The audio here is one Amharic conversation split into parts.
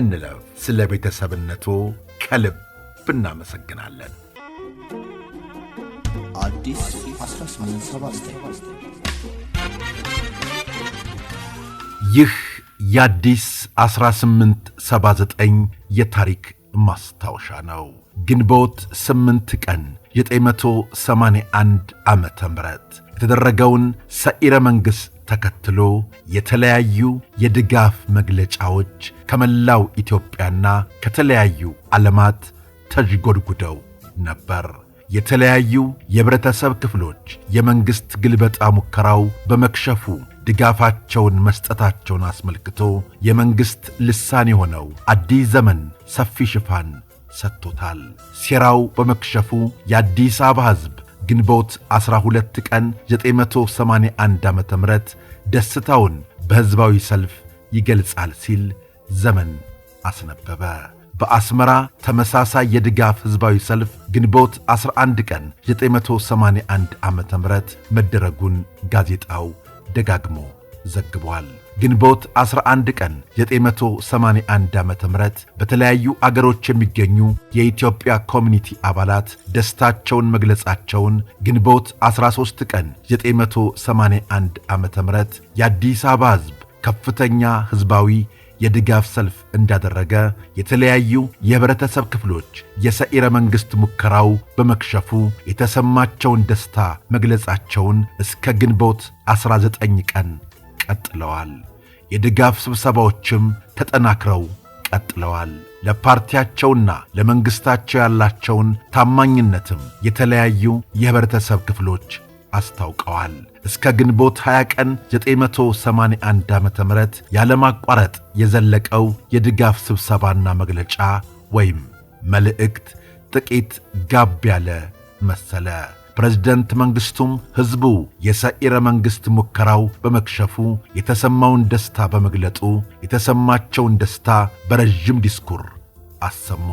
እንለፍ። ስለ ቤተሰብነቱ ከልብ እናመሰግናለን። ይህ የአዲስ 1879 የታሪክ ማስታወሻ ነው። ግንቦት 8 ቀን 981 ዓ ም የተደረገውን ሰኢረ መንግሥት ተከትሎ የተለያዩ የድጋፍ መግለጫዎች ከመላው ኢትዮጵያና ከተለያዩ ዓለማት ተዥጎድጉደው ነበር። የተለያዩ የህብረተሰብ ክፍሎች የመንግሥት ግልበጣ ሙከራው በመክሸፉ ድጋፋቸውን መስጠታቸውን አስመልክቶ የመንግሥት ልሳን የሆነው አዲስ ዘመን ሰፊ ሽፋን ሰጥቶታል። ሴራው በመክሸፉ የአዲስ አበባ ሕዝብ ግንቦት 12 ቀን 981 ዓ ም ደስታውን በሕዝባዊ ሰልፍ ይገልጻል ሲል ዘመን አስነበበ። በአስመራ ተመሳሳይ የድጋፍ ሕዝባዊ ሰልፍ ግንቦት 11 ቀን 981 ዓ ም መደረጉን ጋዜጣው ደጋግሞ ዘግቧል። ግንቦት 11 ቀን 981 ዓ ም በተለያዩ አገሮች የሚገኙ የኢትዮጵያ ኮሚኒቲ አባላት ደስታቸውን መግለጻቸውን ግንቦት 13 ቀን 981 ዓ ም የአዲስ አበባ ሕዝብ ከፍተኛ ሕዝባዊ የድጋፍ ሰልፍ እንዳደረገ የተለያዩ የህብረተሰብ ክፍሎች የሰኢረ መንግሥት ሙከራው በመክሸፉ የተሰማቸውን ደስታ መግለጻቸውን እስከ ግንቦት 19 ቀን ቀጥለዋል። የድጋፍ ስብሰባዎችም ተጠናክረው ቀጥለዋል። ለፓርቲያቸውና ለመንግሥታቸው ያላቸውን ታማኝነትም የተለያዩ የህብረተሰብ ክፍሎች አስታውቀዋል። እስከ ግንቦት 20 ቀን 981 ዓ ም ያለማቋረጥ የዘለቀው የድጋፍ ስብሰባና መግለጫ ወይም መልእክት ጥቂት ጋብ ያለ መሰለ። ፕሬዝደንት መንግስቱም ሕዝቡ የሰኢረ መንግሥት ሙከራው በመክሸፉ የተሰማውን ደስታ በመግለጡ የተሰማቸውን ደስታ በረዥም ዲስኩር አሰሙ።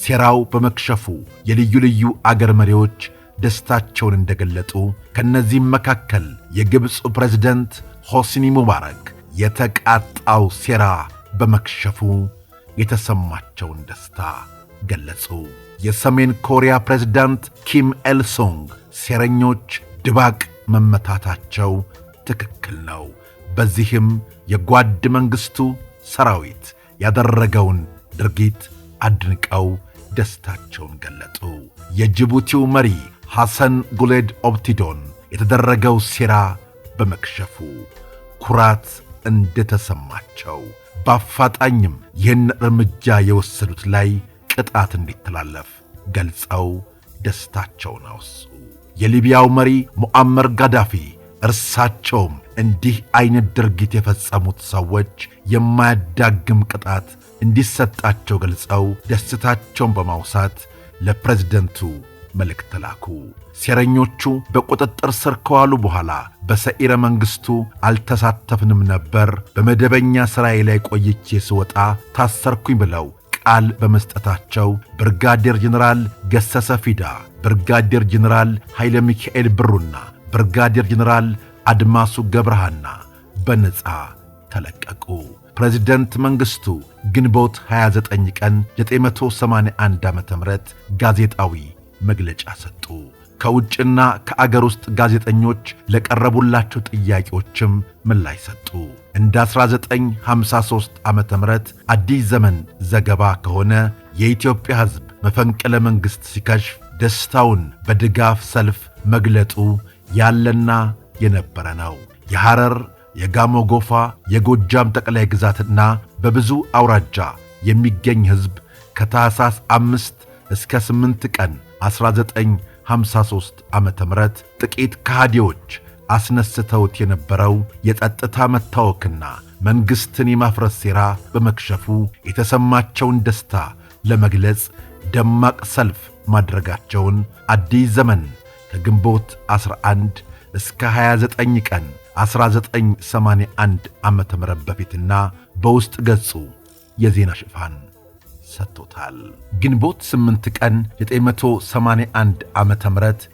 ሴራው በመክሸፉ የልዩ ልዩ አገር መሪዎች ደስታቸውን እንደገለጡ ከእነዚህም መካከል የግብፁ ፕሬዝደንት ሆስኒ ሙባረክ የተቃጣው ሴራ በመክሸፉ የተሰማቸውን ደስታ ገለጹ። የሰሜን ኮሪያ ፕሬዝዳንት ኪም ኤልሶንግ ሴረኞች ድባቅ መመታታቸው ትክክል ነው። በዚህም የጓድ መንግሥቱ ሰራዊት ያደረገውን ድርጊት አድንቀው ደስታቸውን ገለጡ። የጅቡቲው መሪ ሐሰን ጉሌድ ኦብቲዶን የተደረገው ሴራ በመክሸፉ ኩራት እንደተሰማቸው በአፋጣኝም ይህን እርምጃ የወሰዱት ላይ ቅጣት እንዲተላለፍ ገልጸው ደስታቸውን አወሱ። የሊቢያው መሪ ሙአመር ጋዳፊ እርሳቸውም እንዲህ አይነት ድርጊት የፈጸሙት ሰዎች የማያዳግም ቅጣት እንዲሰጣቸው ገልጸው ደስታቸውን በማውሳት ለፕሬዝደንቱ መልእክት ላኩ። ሴረኞቹ በቁጥጥር ስር ከዋሉ በኋላ በሰኢረ መንግሥቱ አልተሳተፍንም ነበር፣ በመደበኛ ሥራዬ ላይ ቆይቼ ስወጣ ታሰርኩኝ ብለው ቃል በመስጠታቸው ብርጋዴር ጀነራል ገሰሰ ፊዳ፣ ብርጋዴር ጀነራል ኃይለ ሚካኤል ብሩና ብርጋዴር ጀነራል አድማሱ ገብረሃና በነፃ ተለቀቁ። ፕሬዚደንት መንግሥቱ ግንቦት 29 ቀን 981 ዓ ም ጋዜጣዊ መግለጫ ሰጡ። ከውጭና ከአገር ውስጥ ጋዜጠኞች ለቀረቡላቸው ጥያቄዎችም ምላሽ ሰጡ። እንደ 1953 ዓ ም አዲስ ዘመን ዘገባ ከሆነ የኢትዮጵያ ሕዝብ መፈንቅለ መንግሥት ሲከሽፍ ደስታውን በድጋፍ ሰልፍ መግለጡ ያለና የነበረ ነው። የሐረር የጋሞ ጎፋ፣ የጎጃም ጠቅላይ ግዛትና በብዙ አውራጃ የሚገኝ ሕዝብ ከታሳስ አምስት እስከ ስምንት ቀን 1953 ዓ ም ጥቂት ከሃዲዎች አስነስተውት የነበረው የጸጥታ መታወክና መንግሥትን የማፍረስ ሴራ በመክሸፉ የተሰማቸውን ደስታ ለመግለጽ ደማቅ ሰልፍ ማድረጋቸውን አዲስ ዘመን ከግንቦት 11 እስከ 29 ቀን 1981 ዓ ም በፊትና በውስጥ ገጹ የዜና ሽፋን ሰጥቶታል። ግንቦት 8 ቀን 981 ዓ ም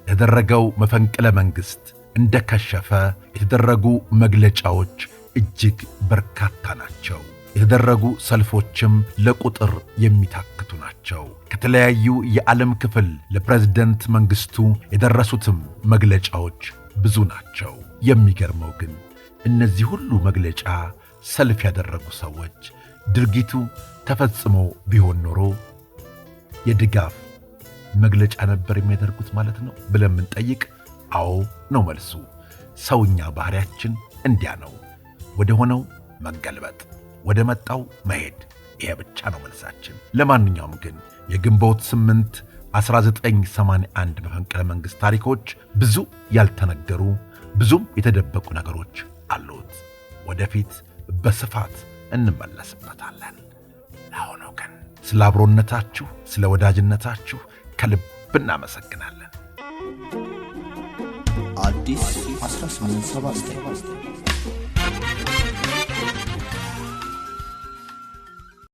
የተደረገው መፈንቅለ መንግሥት እንደከሸፈ የተደረጉ መግለጫዎች እጅግ በርካታ ናቸው። የተደረጉ ሰልፎችም ለቁጥር የሚታክቱ ናቸው። ከተለያዩ የዓለም ክፍል ለፕሬዝደንት መንግሥቱ የደረሱትም መግለጫዎች ብዙ ናቸው። የሚገርመው ግን እነዚህ ሁሉ መግለጫ ሰልፍ ያደረጉ ሰዎች ድርጊቱ ተፈጽሞ ቢሆን ኖሮ የድጋፍ መግለጫ ነበር የሚያደርጉት ማለት ነው ብለን ምንጠይቅ አዎ ነው መልሱ። ሰውኛ ባህሪያችን እንዲያ ነው። ወደ ሆነው መገልበጥ፣ ወደ መጣው መሄድ፣ ይሄ ብቻ ነው መልሳችን። ለማንኛውም ግን የግንቦት 8 1981 መፈንቅለ መንግሥት ታሪኮች ብዙ ያልተነገሩ ብዙም የተደበቁ ነገሮች አሉት። ወደፊት በስፋት እንመለስበታለን። ለአሁኑ ግን ስለ አብሮነታችሁ፣ ስለ ወዳጅነታችሁ ከልብ እናመሰግናለን። አዲስ 1879